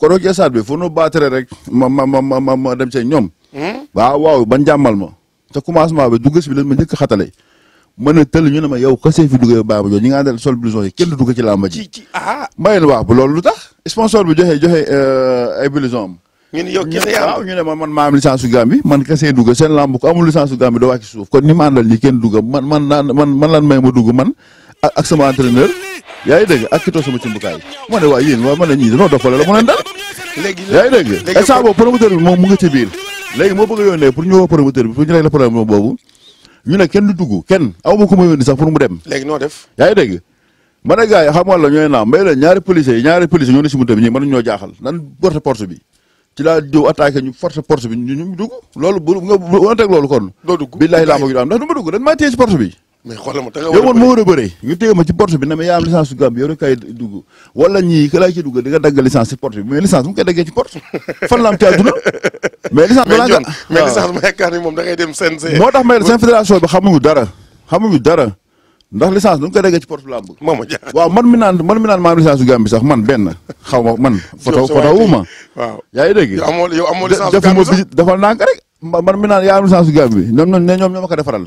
koroog esaat bi fu nu baatere rek ma ma ma ma ma dem see ñoom. waaw waaw ban jàmmal ma. te commencement bi dugg si bi lañ ma njëkk xatale mën a tëll ñu ma yow xasee fi duggee baaba jooju ñi nga àndal sol dugg ci làmba ji. bu loolu lu tax. sponsor bi joxe joxe euh, ay blouson am. ñu ne yow kese yaa waaw ma man maa am licence su Gambie man kese dugg seen làmb ko amul licence su Gambie doo wàcc suuf kon ni ma àndal ñi kenn dugg man man may ma dugg man ak sama entraîneur. yaa ngi dégg ak ki toog sama cumbukaay ma ne waa la mu leen dal yaa ngi dégg bi moom mu nga biir léegi moo bëgg a yónnee pour ñu woo bi pour ñu rek la problème boobu ñu ne kenn du dugg kenn aw ma ko ma yónni sax ngi dégg ma ne gars yi xam wala ñooy naam mbay ñoo ne si bi ñi mënuñ ñoo jaaxal nan porte porte bi ci laa diw attaqué ñu force porte bi ñu dugg loolu bu nga teg loolu kon doo dugg billaahi laa ma gi am ndax ma dugg si porte bi mais xoolal ma te nga war a bëri yow man ma a bëri ma ci porte bi ne ma yaa am licence su yow rek kay dugg wala ñii ka laay ci dugg di dagg licence si porte bi ah. moom da ngay moo tax ma seen fédération bi xamuñu dara xamuñu dara ndax licence duñ koy daggee ci porte lamb. moom a waaw man mi naan man mi naan sax man benn xaw ma man. foto foto wu ma. waaw yaa ngi dégg. yow amoo yow amoo rek man mi naan yaa am licence ñoom ñoom ñoom ma ko defaral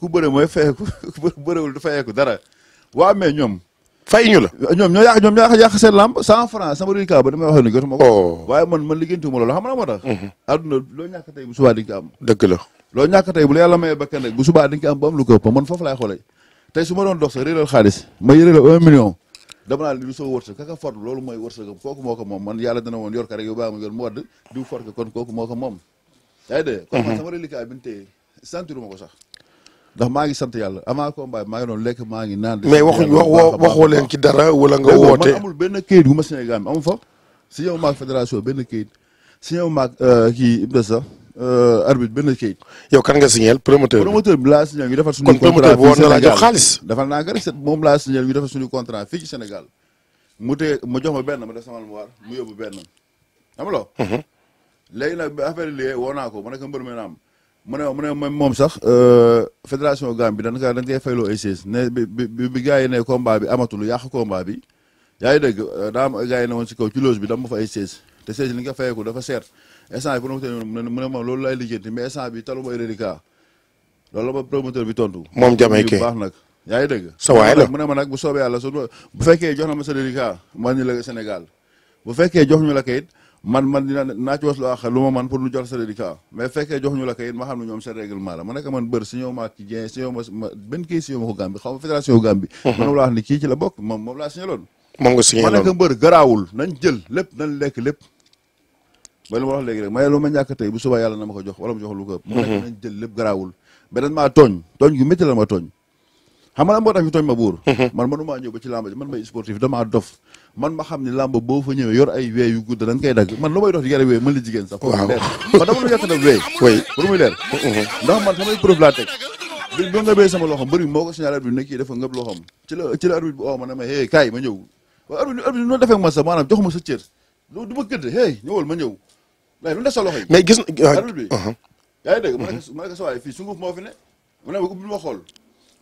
ku bëre mooy fayeku ku bërewul du fayeku dara waa mais ñoom. fay ñu la ñoom ñoo yàq ñoom ñoo yàq seen lamb cent franc sama ruy oh. man man liggéeyantuma loolu xam nga moo tax adduna mm-hmm. loo la loo ñàkk tey bu la yàlla mayee bakkan rek ba am lu ko ëpp man foofu laay xoolee tey su ma doon dox sa réeral xaalis ma réeral un million dama naa li du soo wërsëg kaka fort loolu mooy wërsëgam kooku moo moom man yàlla dana woon yor ka rek yow baa ma yor mu wadd diw fort kon kooku moo ko moom yaa ngi dégg mm-hmm. kon man sama reliquat bi ñu téye santuru ko sax ndax maa ngi sant yàlla avant combat bi maa ngi doon lekk maa ngi naan. mais waxuñ wax waxoo leen ci dara wala nga woote. man amul benn kayit bu ma Sénégal am fa. si ñëw maag fédération benn kayit si ñëw maag euh, kii Ibra sax euh, arbitre benn kayit. yow kan nga signal promoteur bi promoteur bi laa signal ñu defal suñu. contrat kon promoteur bi war na laa jox xaalis. defal naa ko rek moom laa signal ñu defal suñu contrat fii ci Sénégal mu tee ma jox ma benn ma def sama almuwaar mu yóbbu benn xam nga loolu. Mhm. léegi nag affaire yi liggéey woo naa ko ma ne ko mbër mi na am mu ne mu ne moom sax euh, fédération Gambie dañ koy dañ koy fayloo ay siis ne bi bi bi gars yi ne combat bi yàq combat bi yaa ngi dégg euh, daa am gars yi ne woon si kaw ci loge bi dama ma fa ay siis te nga fayeeku dafa seer instant bi promoteur bi mu ne mu ne moom loolu lay lijjanti mais instant bi taluma ay reliquat loolu la ma promoteur bi moom jamay kee baax nag. yaa ngi dégg. sa waay la mu ne ma nag bu soobee yàlla su bu fekkee jox na ma sa reliquat man ñu la Sénégal bu fekkee jox ñu la kayit. man man dina naa ci was loo xam lu ma man pour nu jox certificat mais fekkee jox ñu la kayit ma xam ne ñoom seen règlement la ma nekk man bër si ñëw ma ci si ñëw ma benn kii si ñëw ma ko Gambie xaw ma fédération Gambie mhm. man laa wax ne kii ci la bokk ma lépp nañ lekk lépp ba lu ma wax léegi rek may ma ñàkk tey bu subaa yalla na ma ko jox wala ma jox lu ko ëpp mhm. ma nekk nañ jël lépp garaawul beneen maa tooñ tooñ gu métti ma tooñ xam nga lan moo tax ñu tooñ ma buur mhm. man manumaa ñëw ba ci làmb ji man may sportif damaa dof man ma xam ni làmb boo fa ñëwee yor ay wee yu gudd dañ koy dagg man lu may dox di yore wee mën la jigéen sax pour mu leer man dama lu yàtt nag wee oui pour muy leer mhm. ndax man samay preuve laa teg bi ba nga bee sama loxom bëri moo ko signaler bi nekk kii dafa ngëb loxom ci la ci la arbitre bi oo ma ne ma hee kaay ma ñëw waaye arbitre arbitre noonu defee ma sax maanaam joxuma sa cër du ma gëdd hee ñëwal ma ñëw mais lu des sa loxo yi mais gis arbitre bi uh-huh. yaa ngi dégg mhm. ma ne ko sa waay fii sunguf moo fi ne mu ne ma ubbil ma xool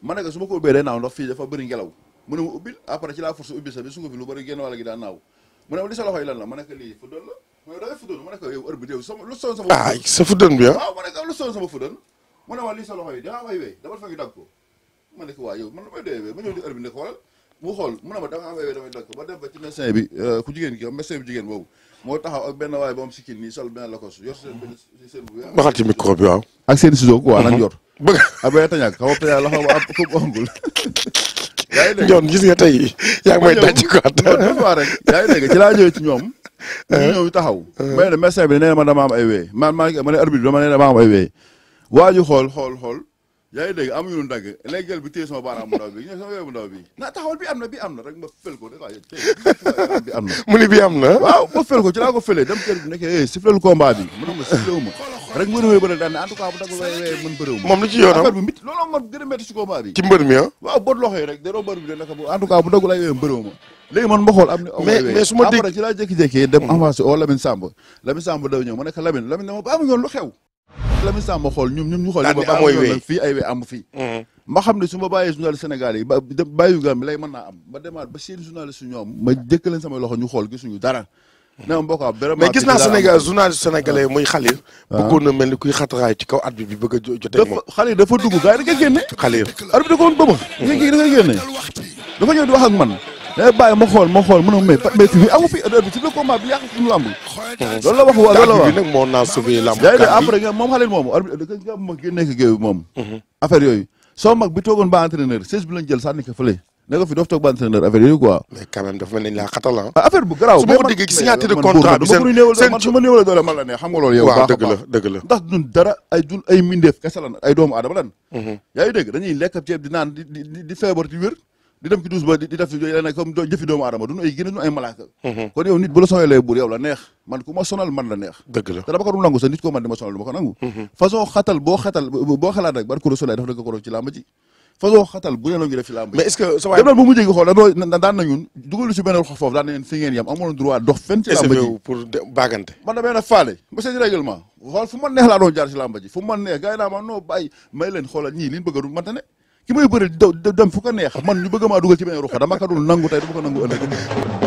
ma ne ko su ma ko ubbee day naaw ndax fii dafa bëri ngelaw mu ne ma ubbil après ci laa force ubbi sa bi su nga lu bëri génn wàll gi daa naaw mu ne ma li sa loxo yi lan la ma ne ko lii fu doon la ah, ah. Ah, mu ne da ko mu xool mu ne ma da nga am damay dagg ba dem ba ci bi euh, ku jigéen ki médecin bi jigéen boobu moo taxaw ak benn waay ba am sikkin nii sol benn yor seen seen bu waxal ci micro bi waaw ak seen ciseau mhm. yor bëgg abay tañak xaw tañak la xaw ab ko ëmbul yaa ngi dégg ñoom gis nga tey yaa ngi may daj ko dafa rek yaa ngi dégg ci laa ñëwee ci ñoom eh. ñu ñëw taxaw eh. may ne médecin bi nee na ma dama am ay wee man maa ngi ma ne arbitre bi dama ne dama am ay wee waa ji xool xool xool yaa ngi dégg amuñu lu dagg léegi jël bi téye sama baaraam bu ndaw bi ñëw sama wee bu ndaw bi na taxawal bi am na bi am na rek ma fel ko dafa bi am na mu ni bi am na waaw ma fel ko ci laa ko felee dem kër bi nekk eh, siflel combat bi mu ne ma siflewu ma rek mën a wéy bëri daan en tout cas bu tagul a ah. ay wéy man ma xool am mais mais su ma dégg après ci laa jékki-jékki dem o Lamine xool ñum ñum ñu xool ba fii mm-hmm. dara ne ma ah, mais gis naa Sénégal journaliste sénégalais muy Khalil. waaw ah. bëggoon na mel ni kuy xatraay ci kaw at bi bëgg a jotee moom. dafa Khalil dafa dugg gars yi da nga génne. Khalil ko man. da eh, bàyyi ma xool ma xool mën a may mais fii fi heure bi ci le combat bi yàq suñu la wax wa bi nag moo naa sauvé lamb. yaa ngi après moom Khalil moom. Mhm. affaire yooyu soo mag bi toogoon ba entraîneur 16 bi lañ jël sànni ko fële ne nga fi doof toog ba entraîneur affaire ah. Ah, affaire bu garaaw su ma ko déggee signature de contrat du seen seen su ma néewal doole xam nga loolu yow. dëgg dëgg la ndax dun dara dun ay ay malaaka. Mhm. kon yow nit bu la sonalee buur yow la neex man ku ma man la neex. dëgg la te dama ko doon nit ko man di ma sonal du ma mhm. façon xatal boo xatal boo xalaat rek barke Rasulullah daf na ko ci làmb façon xatal bu ne la ñu def ci làmb mais est daan na ñun dugalu ci benn xol foofu daan na fi ngeen yam amoon droit dox fenn ci làmb man damee ba seen fu ma neex laa doon jaar ci làmb ji fu ma neex gars ma noo bàyyi may leen xoolal ñii liñ bëgg du mante ne ki may bëri dem fu ko neex man ñu bëgg maa dugal ci benn ruxa dama ko dul nangu tey dama ko nangu ëllëg